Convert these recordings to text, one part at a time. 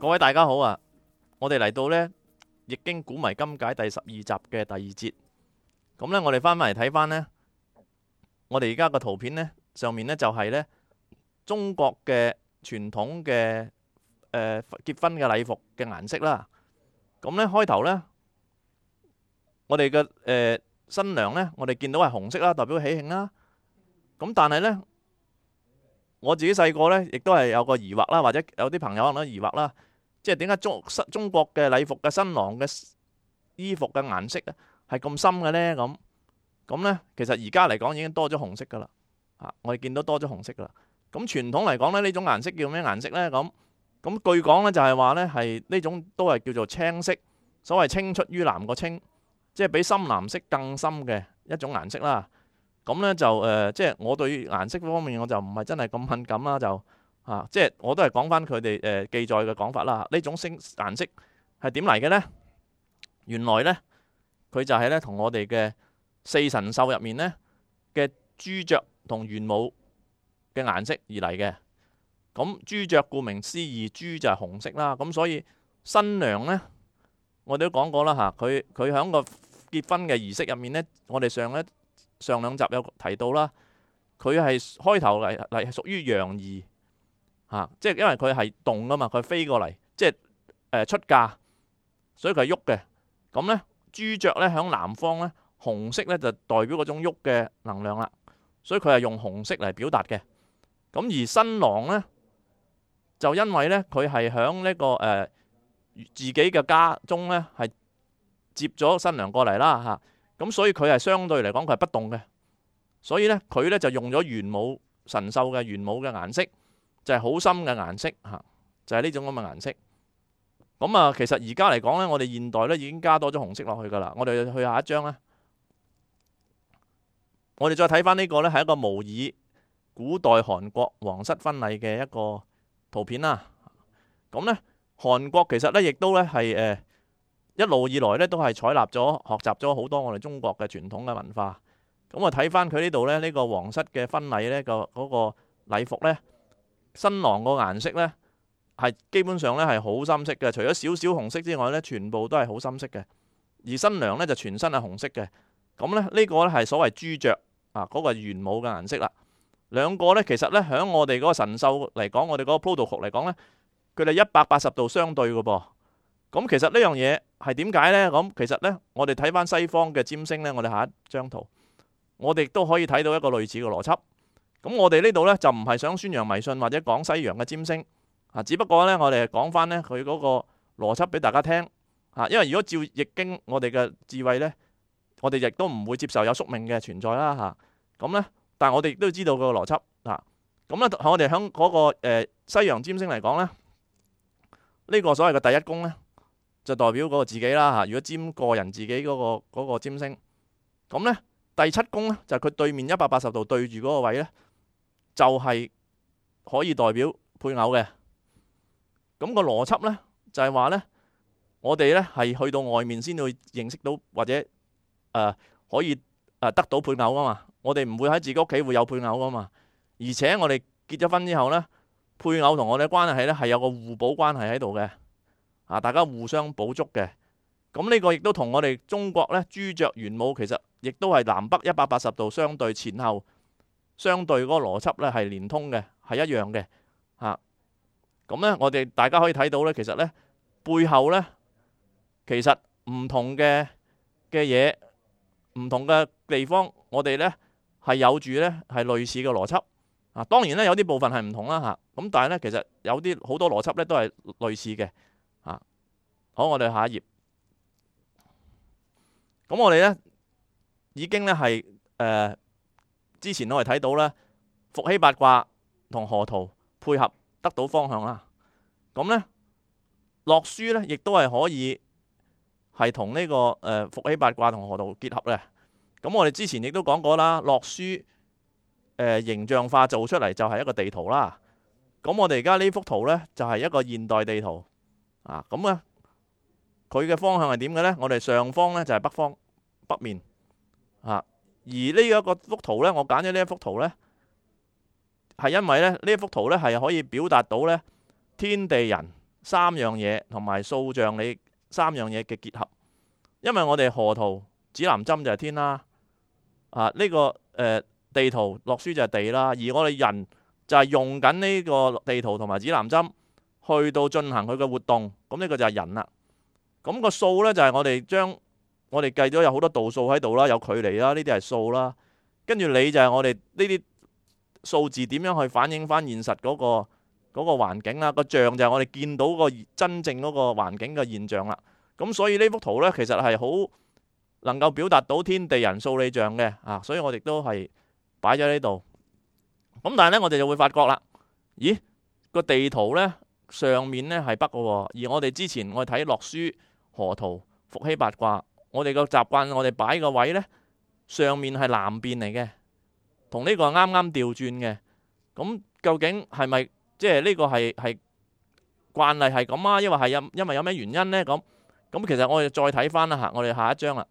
各位大家好啊！我哋嚟到呢《易經古謎今解》第十二集嘅第二節，咁呢，我哋翻返嚟睇翻呢，我哋而家個圖片呢，上面呢就係呢中國嘅傳統嘅誒、呃、結婚嘅禮服嘅顏色啦。咁呢，開頭呢，我哋嘅誒新娘呢，我哋見到係紅色啦，代表喜慶啦。咁但係呢，我自己細個呢，亦都係有個疑惑啦，或者有啲朋友可能疑惑啦。即係點解中國嘅禮服嘅新郎嘅衣服嘅顏色咧係咁深嘅呢？咁咁咧，其實而家嚟講已經多咗紅色噶啦。我哋見到多咗紅色噶啦。咁傳統嚟講呢，呢種顏色叫咩顏色呢？咁咁據講呢，就係話呢係呢種都係叫做青色，所謂青出於藍個青，即係比深藍色更深嘅一種顏色啦。咁呢，就、呃、誒，即係我對顏色方面我就唔係真係咁敏感啦，就。啊，即係我都係講返佢哋誒記載嘅講法啦。呢種星顏色係點嚟嘅呢？原來呢，佢就係咧同我哋嘅四神獸入面呢嘅朱雀同玄武嘅顏色而嚟嘅。咁朱雀顧名思義，朱就係紅色啦。咁所以新娘呢，我哋都講過啦嚇，佢佢喺個結婚嘅儀式入面呢，我哋上一上兩集有提到啦，佢係開頭嚟嚟係屬於陽儀。嚇，即係因為佢係動噶嘛，佢飛過嚟，即係誒出嫁，所以佢係喐嘅。咁咧，朱雀咧響南方咧，紅色咧就代表嗰種喐嘅能量啦，所以佢係用紅色嚟表達嘅。咁而新郎咧就因為咧佢係響呢個誒、呃、自己嘅家中咧係接咗新娘過嚟啦嚇，咁所以佢係相對嚟講佢係不動嘅，所以咧佢咧就用咗玄武神獸嘅玄武嘅顏色。就係、是、好深嘅顏色嚇，就係呢種咁嘅顏色。咁啊，其實而家嚟講呢，我哋現代呢已經加多咗紅色落去噶啦。我哋去下一張啦。我哋再睇翻呢個呢，係一個模擬古代韓國皇室婚禮嘅一個圖片啦。咁呢，韓國其實呢亦都呢係誒一路以來呢都係採納咗學習咗好多我哋中國嘅傳統嘅文化。咁我睇翻佢呢度呢，呢個皇室嘅婚禮呢個嗰個禮服呢。新郎個顏色呢，係基本上咧係好深色嘅，除咗少少紅色之外呢全部都係好深色嘅。而新娘呢，就全身係紅色嘅。咁呢，呢、呢個呢係所謂朱雀啊，嗰、嗰個玄武嘅顏色啦。兩個呢，其實呢，響我哋嗰個神獸嚟講，我哋嗰個 proto 嚟講呢，佢哋一百八十度相對嘅噃。咁其實呢樣嘢係點解呢？咁其實呢，我哋睇翻西方嘅占星呢，我哋下一張圖，我哋都可以睇到一個類似嘅邏輯。咁我哋呢度呢，就唔係想宣揚迷信或者講西洋嘅占星，啊，只不過呢，我哋係講翻呢，佢嗰個邏輯俾大家聽，啊，因為如果照易經我哋嘅智慧呢，我哋亦都唔會接受有宿命嘅存在啦，嚇。咁咧，但係我哋亦都知道個邏輯，啊，咁咧我哋響嗰個、呃、西洋占星嚟講呢，呢、呢個所謂嘅第一宮呢，就代表嗰個自己啦，嚇。如果占個人自己嗰、嗰個嗰個占星，咁呢，第七宮呢，就佢、係、對面一百八十度對住嗰個位呢。就係、是、可以代表配偶嘅，咁、那個邏輯呢，就係、是、話呢，我哋呢係去到外面先會認識到或者誒、呃、可以誒、呃、得到配偶啊嘛，我哋唔會喺自己屋企會有配偶啊嘛，而且我哋結咗婚之後呢，配偶同我哋嘅關係呢係有個互補關係喺度嘅，啊，大家互相補足嘅，咁呢個亦都同我哋中國呢，朱雀玄武其實亦都係南北一百八十度相對前後，相對嗰個邏輯咧係連通嘅，係一樣嘅，嚇、啊。咁咧，我哋大家可以睇到咧，其實咧背後咧，其實唔同嘅嘅嘢，唔同嘅地方我們呢，我哋咧係有住咧係類似嘅邏輯啊。當然咧有啲部分係唔同啦嚇。咁、啊、但係咧，其實有啲好多邏輯咧都係類似嘅嚇、啊。好，我哋下一頁。咁我哋咧已經咧係誒。呃之前我哋睇到咧，伏羲八卦同河圖配合得到方向啦。咁呢洛書呢，亦都係可以係同呢、這個誒伏羲八卦同河圖結合嘅。咁我哋之前亦都講過啦，洛書誒、呃、形象化做出嚟就係一個地圖啦。咁我哋而家呢幅圖呢，就係、是、一個現代地圖啊。咁啊，佢嘅方向係點嘅呢？我哋上方呢，就係北方北面啊。而呢一個幅圖呢，我揀咗呢一幅圖呢，係因為咧呢一幅圖呢，係可以表達到咧天地人三樣嘢同埋數象理三樣嘢嘅結合。因為我哋河圖指南針就係天啦，啊呢、呢個誒、呃、地圖洛書就係地啦，而我哋人就係用緊呢個地圖同埋指南針去到進行佢嘅活動，咁呢個就係人啦。咁、嗰個數呢，就係我哋將。我哋計咗有好多度數喺度啦，有距離啦，呢啲係數啦。跟住你就係我哋呢啲數字點樣去反映翻現實嗰個嗰個環境啦？個像就係我哋見到個真正嗰個環境嘅現象啦。咁所以呢幅圖呢，其實係好能夠表達到天地人、數理象嘅啊。所以我哋都係擺咗呢度。咁但係呢，我哋就會發覺啦，咦個地圖呢，上面呢係北嘅，而我哋之前我睇洛書河圖伏羲八卦。我哋個習慣，我哋擺個位呢，上面係南邊嚟嘅，同呢個啱啱調轉嘅。咁究竟係咪即係呢個係係慣例係咁啊？抑或係有因為有咩原因呢？咁咁其實我哋再睇翻啦吓，我哋下一張啦。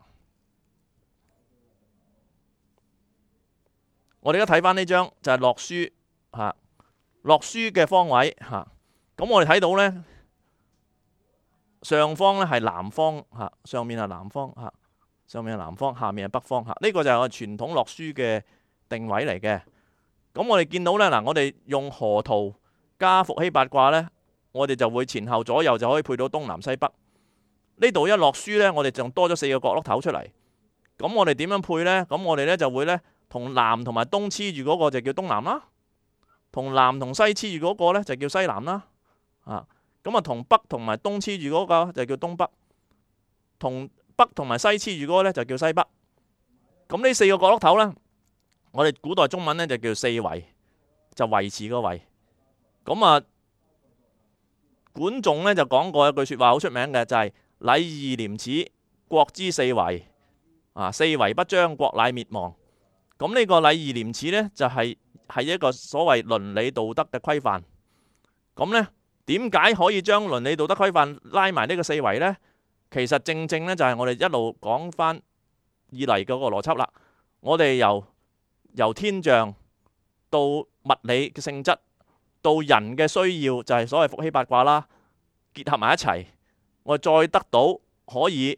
我哋而家睇翻呢張就係、是、洛書吓，洛書嘅方位吓。咁我哋睇到呢。上方咧係南方嚇，上面係南方嚇，上面係南方，下面係北方嚇。呢個就係我傳統落書嘅定位嚟嘅。咁我哋見到咧，嗱，我哋用河圖加伏羲八卦咧，我哋就會前後左右就可以配到東南西北。呢度一落書咧，我哋仲多咗四個角落頭出嚟。咁我哋點樣配呢？咁我哋咧就會咧，同南同埋東黐住嗰個就叫東南啦，同南同西黐住嗰個咧就叫西南啦，啊。咁啊，同北同埋東黐住嗰個就叫東北，同北同埋西黐住嗰個呢就叫西北。咁呢四個角落頭呢，我哋古代中文呢，就叫四維，就維持個維。咁啊，管仲呢，就講過一句說話好出名嘅，就係禮義廉恥，國之四維。啊，四維不張，國乃滅亡。咁呢個禮義廉恥呢，就係、是、係一個所謂倫理道德嘅規範。咁呢。點解可以將倫理道德規範拉埋呢個四維呢？其實正正呢，就係我哋一路講翻以嚟嗰個邏輯啦。我哋由由天象到物理嘅性質，到人嘅需要，就係所謂伏羲八卦啦，結合埋一齊，我再得到可以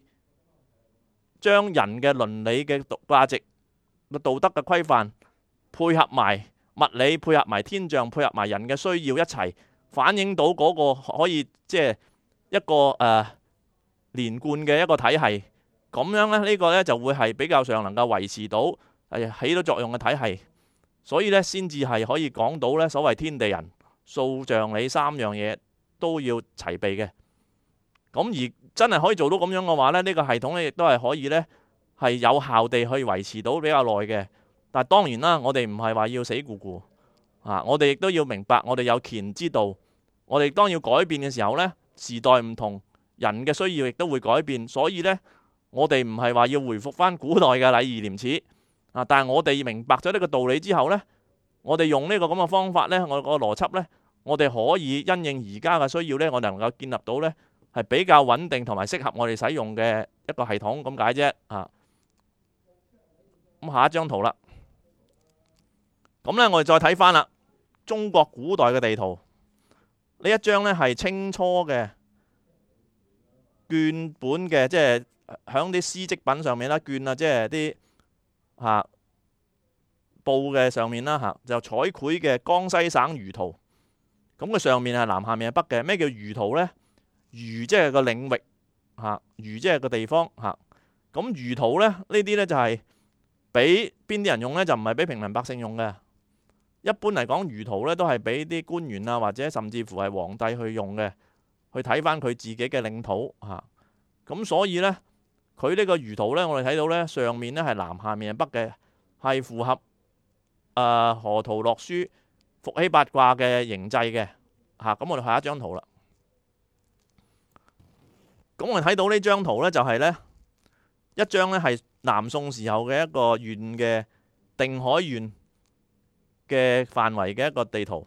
將人嘅倫理嘅價值、道德嘅規範配合埋物理，配合埋天象，配合埋人嘅需要一齊。反映到嗰個可以即係、就是、一個誒、呃、連貫嘅一個體系，咁樣咧呢、這個呢就會係比較上能夠維持到起到作用嘅體系，所以呢，先至係可以講到呢所謂天地人、數、象、理三樣嘢都要齊備嘅。咁而真係可以做到咁樣嘅話呢，呢、這個系統呢亦都係可以呢係有效地去維持到比較耐嘅。但當當然啦，我哋唔係話要死顧顧啊，我哋亦都要明白我哋有權之道。我哋當要改變嘅時候咧，時代唔同，人嘅需要亦都會改變，所以咧，我哋唔係話要回復翻古代嘅禮儀廉恥啊！但係我哋明白咗呢個道理之後咧，我哋用呢個咁嘅方法咧，我個邏輯咧，我哋可以因應而家嘅需要咧，我哋能夠建立到咧係比較穩定同埋適合我哋使用嘅一個系統咁解啫啊！咁下一張圖啦，咁咧我哋再睇翻啦，中國古代嘅地圖。呢一張呢係清初嘅絹本嘅，即係喺啲絲織品上面啦，絹啊，即係啲布嘅上面啦、啊、就彩繪嘅江西省輿圖。咁佢上面係南，下面係北嘅。咩叫輿圖呢？輿即係個領域嚇、啊，輿即係個地方嚇，咁、啊、輿圖呢，呢啲呢就係俾邊啲人用呢？就唔係俾平民百姓用嘅。一般嚟講，輿圖呢都係俾啲官員啊，或者甚至乎係皇帝去用嘅，去睇翻佢自己嘅領土啊。咁所以呢，佢呢個輿圖呢，我哋睇到呢上面呢係南，下面係北嘅，係符合呃、河圖洛書伏羲八卦嘅形制嘅。吓、啊，咁我哋下一張圖啦。咁我哋睇到呢張圖呢，就係、是、呢一張呢係南宋時候嘅一個縣嘅定海縣。嘅範圍嘅一個地圖，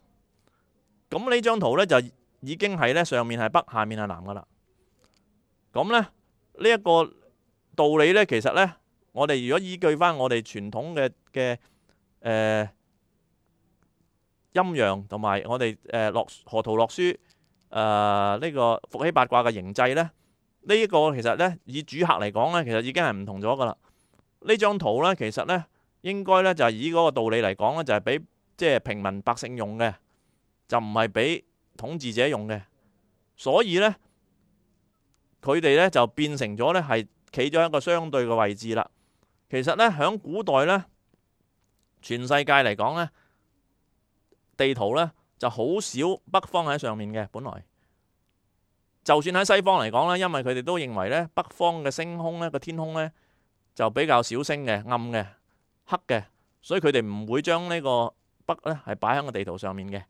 咁呢張圖呢，就已經係呢上面係北，下面係南噶啦。咁呢，呢一個道理呢，其實呢，我哋如果依據返我哋傳統嘅嘅誒陰陽同埋我哋誒洛河圖洛書誒、呃、呢個伏羲八卦嘅形制呢，呢一個其實呢，以主客嚟講呢，其實已經係唔同咗噶啦。呢張圖呢，其實呢，應該呢，就係以嗰個道理嚟講呢，就係俾。即、就、係、是、平民百姓用嘅，就唔係俾統治者用嘅，所以呢，佢哋呢就變成咗呢，係企咗一個相對嘅位置啦。其實呢，響古代呢，全世界嚟講呢，地圖呢就好少北方喺上面嘅。本來就算喺西方嚟講呢，因為佢哋都認為呢，北方嘅星空呢，個天空呢，就比較少星嘅暗嘅黑嘅，所以佢哋唔會將呢、這個。北咧係擺喺個地圖上面嘅，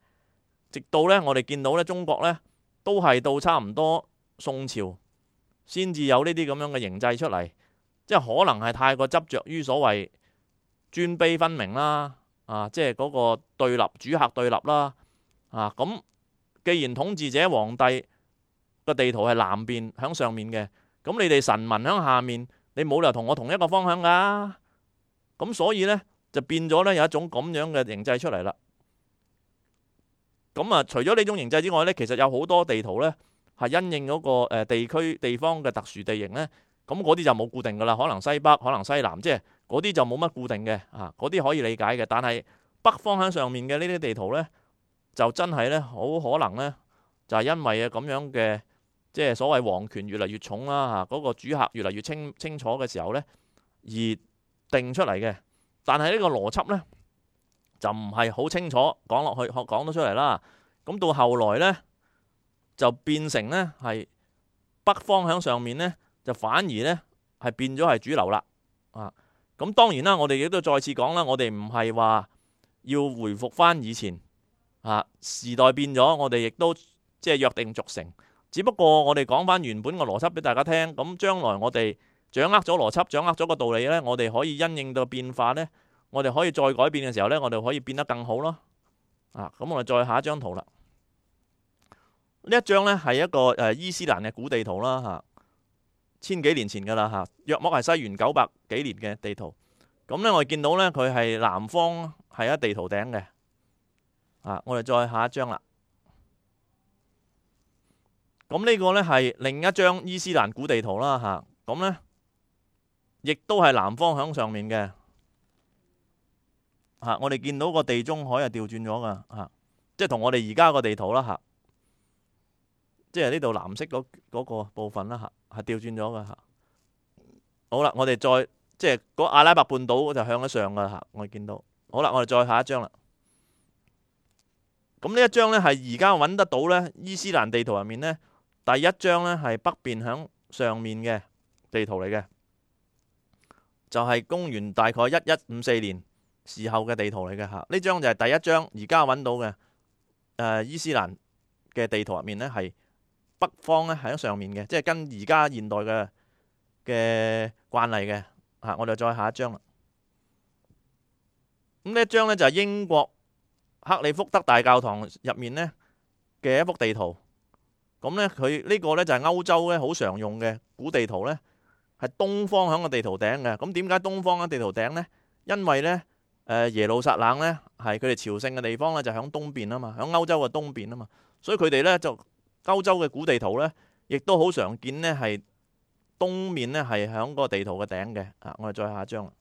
直到呢我哋見到呢中國呢都係到差唔多宋朝先至有呢啲咁樣嘅形制出嚟，即係可能係太過執着於所謂尊卑分明啦，啊，即係嗰個對立主客對立啦，啊，咁既然統治者皇帝個地圖係南邊響上面嘅，咁你哋臣民響下面，你冇理由同我同一個方向㗎，啊，咁所以呢。就變咗咧，有一種咁樣嘅形制出嚟啦。咁啊，除咗呢種形制之外呢，其實有好多地圖呢，係因應嗰個地區地方嘅特殊地形呢。咁嗰啲就冇固定噶啦，可能西北，可能西南，即係嗰啲就冇乜固定嘅啊。嗰啲可以理解嘅，但係北方向上面嘅呢啲地圖呢，就真係呢，好可能呢，就係因為啊咁樣嘅即係所謂王權越嚟越重啦，嚇嗰個主客越嚟越清清楚嘅時候呢，而定出嚟嘅。但係呢個邏輯呢，就唔係好清楚講落去，學講得出嚟啦。咁到後來呢，就變成呢，係北方向上面呢，就反而呢，係變咗係主流啦。啊，咁當然啦，我哋亦都再次講啦，我哋唔係話要回復翻以前啊，時代變咗，我哋亦都即係約定俗成。只不過我哋講翻原本個邏輯俾大家聽，咁將來我哋，掌握咗邏輯，掌握咗個道理呢，我哋可以因應到變化呢。我哋可以再改變嘅時候呢，我哋可以變得更好咯。啊，咁我哋再下一張圖啦。呢一張呢係一個誒伊斯蘭嘅古地圖啦，吓、啊，千幾年前噶啦吓，約莫係西元九百幾年嘅地圖。咁呢，我哋見到呢，佢係南方係喺地圖頂嘅。啊，我哋再下一張啦。咁呢個呢係另一張伊斯蘭古地圖啦，吓、啊，咁呢亦都係南方響上面嘅吓，我哋見到個地中海係調轉咗噶吓，即係同我哋而家個地圖啦吓，即係呢度藍色嗰個部分啦吓，係調轉咗噶吓。好啦，我哋再即係嗰阿拉伯半島就向咗上噶吓，我哋見到好啦，我哋再下一張啦。咁呢一張呢，係而家揾得到呢。伊斯蘭地圖入面呢，第一張呢係北邊響上面嘅地圖嚟嘅。就係、是、公元大概一一五四年時候嘅地圖嚟嘅嚇，呢張就係第一張而家揾到嘅誒伊斯蘭嘅地圖入面呢係北方咧喺上面嘅，即係跟而家現代嘅嘅慣例嘅嚇，我哋再下一張啦。咁呢一張呢，就係英國克里福德大教堂入面呢嘅一幅地圖，咁呢，佢呢個呢，就係歐洲咧好常用嘅古地圖呢。係東方喺個地圖頂嘅，咁點解東方喺地圖頂呢？因為呢誒，耶路撒冷呢，係佢哋朝聖嘅地方啦，就喺東邊啊嘛，喺歐洲嘅東邊啊嘛，所以佢哋呢，就歐洲嘅古地圖呢，亦都好常見呢係東面呢係喺個地圖嘅頂嘅。啊，我哋再下一張啦。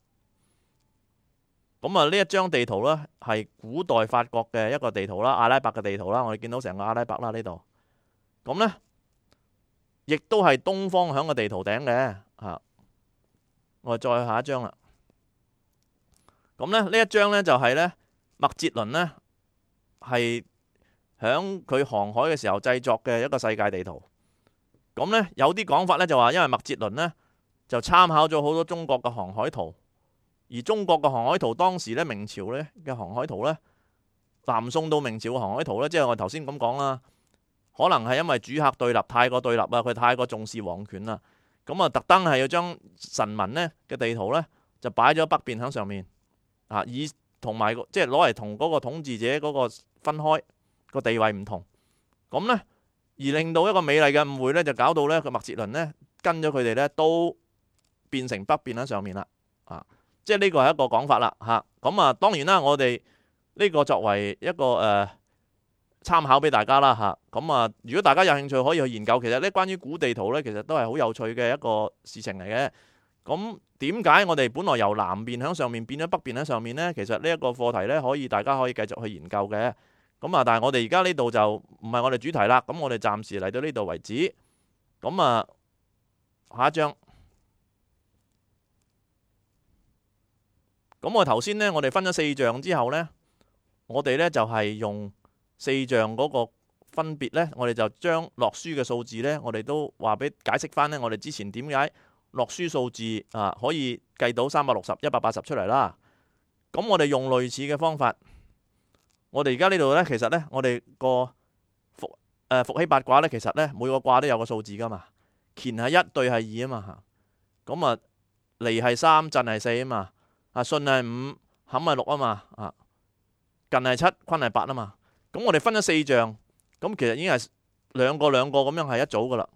咁啊，呢一張地圖呢，係古代法國嘅一個地圖啦，阿拉伯嘅地圖啦，我哋見到成個阿拉伯啦呢度。咁呢，亦都係東方喺個地圖頂嘅。吓，我再下一張啦。咁呢，呢一張咧就係呢麥哲倫呢，係響佢航海嘅時候製作嘅一個世界地圖。咁呢，有啲講法呢，就話，因為麥哲倫呢，就參考咗好多中國嘅航海圖，而中國嘅航海圖當時呢，明朝呢嘅航海圖呢，南宋到明朝嘅航海圖呢，即係我頭先咁講啦，可能係因為主客對立太過對立啊，佢太過重視皇權啦。咁啊，特登係要將臣民咧嘅地圖呢就擺咗北邊喺上面，啊，以同埋即係攞嚟同嗰個統治者嗰個分開個地位唔同。咁呢，而令到一個美麗嘅誤會呢就搞到呢個麥哲倫呢跟咗佢哋呢都變成北邊喺上面啦，啊，即係呢個係一個講法啦嚇。咁啊，當然啦，我哋呢個作為一個誒。呃參考俾大家啦嚇，咁啊，如果大家有興趣可以去研究，其實呢關於古地圖呢，其實都係好有趣嘅一個事情嚟嘅。咁點解我哋本來由南邊喺上面變咗北邊喺上面呢？其實呢一個課題呢，可以大家可以繼續去研究嘅。咁啊，但係我哋而家呢度就唔係我哋主題啦。咁我哋暫時嚟到呢度為止。咁啊，下一章。咁我頭先呢，我哋分咗四象之後呢，我哋呢就係用。四象嗰個分別呢，我哋就將洛書嘅數字呢，我哋都話俾解釋翻呢，我哋之前點解洛書數字啊可以計到三百六十一百八十出嚟啦？咁我哋用類似嘅方法，我哋而家呢度呢，其實呢，我哋個伏誒、呃、伏羲八卦呢，其實呢，每個卦都有個數字㗎嘛。乾係一，兌係二啊嘛。咁啊，離係三，震係四啊嘛。啊，巽係五，坎係六啊嘛。啊，艮係七，坤係八啊嘛。咁我哋分咗四象，咁其實已經係兩個兩個咁樣係一組噶啦。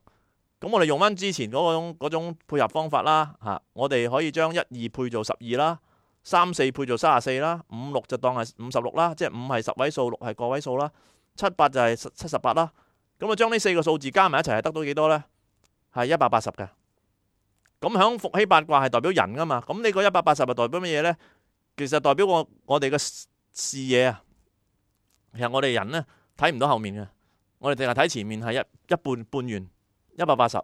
咁我哋用翻之前嗰種嗰種配合方法啦，吓，我哋可以將一二配做十二啦，三四配做卅四啦，五六就當係五十六啦，即係五係十位數，六係個位數啦，七八就係七十八啦。咁啊，將呢四個數字加埋一齊係得到幾多呢？係一百八十嘅。咁響伏羲八卦係代表人噶嘛？咁你個一百八十係代表乜嘢呢？其實代表我我哋嘅視野啊。其實我哋人呢，睇唔到後面嘅，我哋淨係睇前面係一一半半圓一百八十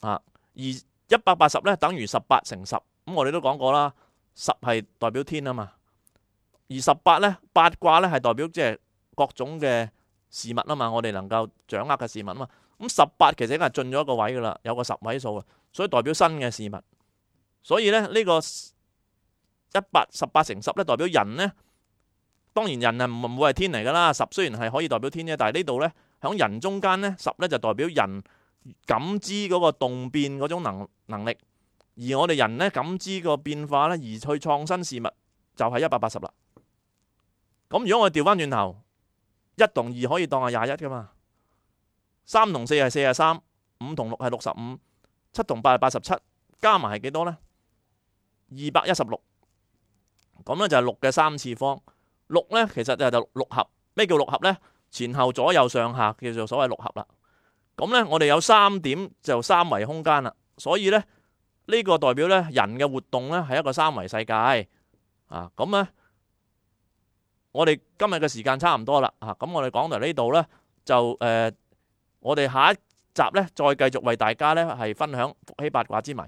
啊。而一百八十呢，等於十八乘十，嗯，咁我哋都講過啦，十係代表天啊嘛，而十八呢，八卦呢，係代表即係各種嘅事物啊嘛，我哋能夠掌握嘅事物啊嘛，咁十八其實已經係進咗一個位噶啦，有個十位數啊，所以代表新嘅事物，所以呢，呢、呢個一百十八乘十呢，代表人呢。當然人啊唔會係天嚟㗎啦，十雖然係可以代表天啫，但係呢度呢，喺人中間呢，十呢就代表人感知嗰個動變嗰種能能力，而我哋人呢，感知個變化呢，而去創新事物就係一百八十啦。咁如果我哋調翻轉頭，一同二可以當係廿一㗎嘛，三同四係四十三，五同六係六十五，七同八係八十七，加埋係幾多呢？二百一十六，咁呢就係六嘅三次方。六咧，其實就係六合。咩叫六合咧？前後左右上下，叫做所謂六合啦。咁咧，我哋有三點就三維空間啦。所以咧，呢個代表咧，人嘅活動咧係一個三維世界啊。咁啊，我哋今日嘅時間差唔多啦啊。咁我哋講到呢度咧，就誒，我哋下一集咧，再繼續為大家咧係分享伏羲八卦之謎。